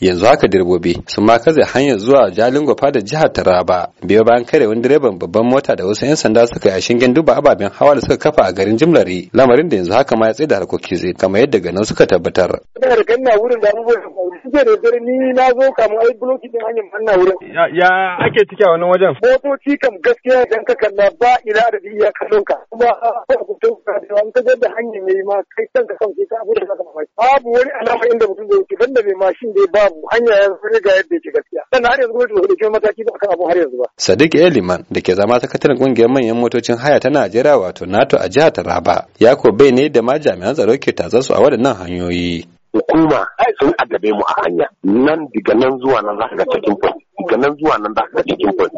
yanzu haka direbobi sun ma katse hanyar zuwa Jalingo gwafa da jihar taraba biyo bayan kare wani direban babban mota da wasu 'yan sanda suka yi a shingen duba ababen hawa da suka kafa a garin jimlari lamarin da yanzu haka ma ya tsaye da harkoki zai kama yadda ganin suka tabbatar. ina da ganna wurin da abubuwan da faru suke da dare ni na zo kamun ai buloki din hanyar manna wurin. ya ake ciki a wannan wajen. motoci kam gaskiya idan ka kalla ba ina da iya kallon ka kuma ba ku tauka da wani ta da hanyar mai ma kai kanka kan ka abu da zaka mamaki. babu wani alama inda mutum zai wuce banda mai mashin da ba babu hanya yanzu ga yadda yake gaskiya dan har yanzu gwamnati ba ta mataki ba akan abu har yanzu ba Sadiq Eliman da ke zama sakataren kungiyar manyan motocin haya ta Najeriya wato NATO a jihar Taraba ya ko bai ne da ma jami'an tsaro ke tatsa su a waɗannan hanyoyi hukuma sun addabe mu a hanya nan diga nan zuwa nan za ka ga cikin point daga nan zuwa nan za ka ga cikin point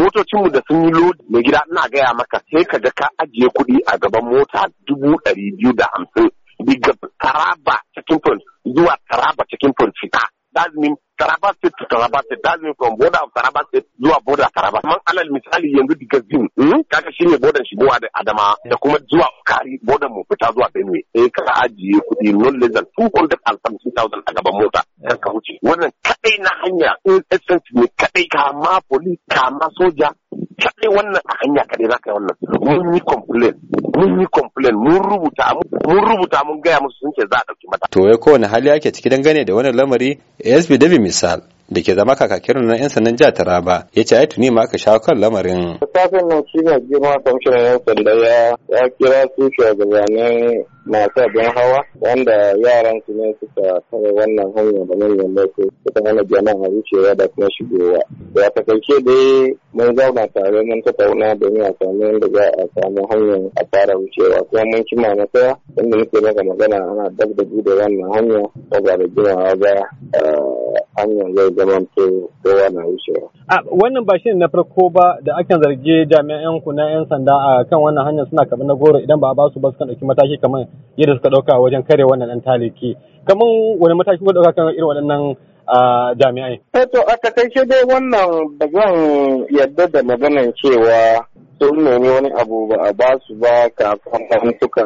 motocin mu da sun yi lodi mai gida ina gaya maka sai ka ga ka ajiye kuɗi a gaban mota dubu ɗari biyu da hamsin diga taraba Taraba State dalibin from border of Taraba State zuwa border Taraba. Man alal misali yanzu daga Zim hmm? kaga shi ne bodan shigowa da Adama da kuma zuwa Kari bodan mu fita zuwa Benue. Eh kana ajiye kuɗi non less than two hundred si seventy zan a gaban mota kan ka wuce. Wannan kaɗai na hanya in essence k'a ma poli k'a ma soja kaɗai wannan a hanya kaɗai za ka yi wannan mun yi complain mun yi complain mun rubuta mun rubuta mun gaya musu sun ce za a ɗauki mata. to ya kowane hali ake ciki dangane da wannan lamari asb dabi misal da ke zama kakakin na 'yan sandan jihar Taraba ya ce ai tuni ma aka shawo kan lamarin. Sassan nan shi ne girma kwamishinan 'yan sanda ya kira su shugabannin masu abin hawa wanda yaran su ne suka kare wannan hanya da manyan mako ta hana jama'a wucewa da kuma shigowa. Da ta karshe dai mun zauna tare mun tattauna domin a samu yadda za a samu hanyar a fara wucewa kuma mun kima na saya inda muke maka magana ana dab da bude wannan hanya ba da jimawa ba hanyar zai zamanto kowa na wucewa. A wannan ba shi na farko ba da ake zarge jami'an ku na 'yan sanda a kan wannan hanyar suna kamar na goro idan ba a ba su ba su kan ɗauki mataki kamar yadda suka ɗauka wajen kare wannan ɗan taliki. Kamar wani mataki kuka ɗauka kan irin waɗannan jami'ai? Eto eh, a takaice dai wannan ba zan yadda da maganar cewa sun nemi wani abu ba a ba su ba kafin suka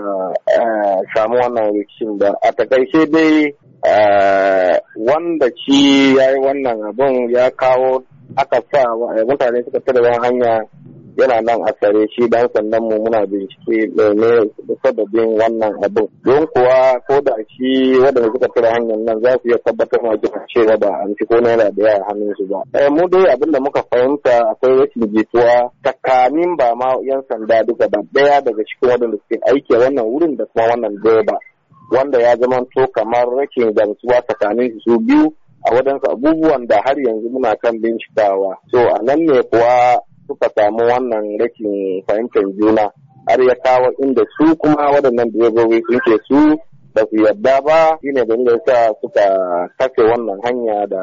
eh, samu wannan rikicin ba. A takaice dai eh, wanda shi ya yi wannan abin ya kawo aka sa eh, mutane suka fi da hanya yana nan a tsare shi dan sannan mu muna bincike ne sababin wannan abin don kuwa ko da shi waɗanda suka fi da hanyar nan za su iya tabbatar ma jikin cewa ba an ci ko naira da yawa hannun su ba eh, mu dai abin da muka fahimta akwai rashin jituwa tsakanin ba ma yan sanda duka ba ɗaya daga cikin waɗanda suke aiki wannan wurin da kuma wannan doba wanda ya zama to kamar rashin gamsuwa tsakanin su biyu a wadansu abubuwan da har yanzu muna kan bincikawa so a nan ne kuwa suka samu wannan rakin fahimtar juna har ya kawo inda su kuma waɗannan direbobi sun ke su ba su yarda ba shine da ya sa suka kafe wannan hanya da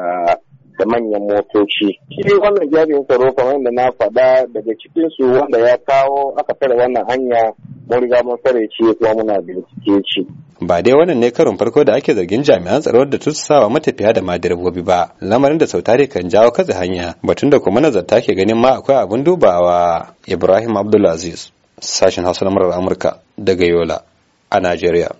da manyan motoci. Shi wannan jami'in tsaro kamar yadda na faɗa daga cikin su wanda ya kawo aka tare wannan hanya mun riga mun tsare shi kuma muna bincike shi. ba dai wannan ne karin farko da ake zargin jami'an tsaro da tusawa matafiya da ma direbobi ba lamarin da sautari kan jawo katse hanya batun da kuma nazarta ke ganin ma akwai abin dubawa ibrahim abdulaziz sashen hausa na amurka daga yola a najeriya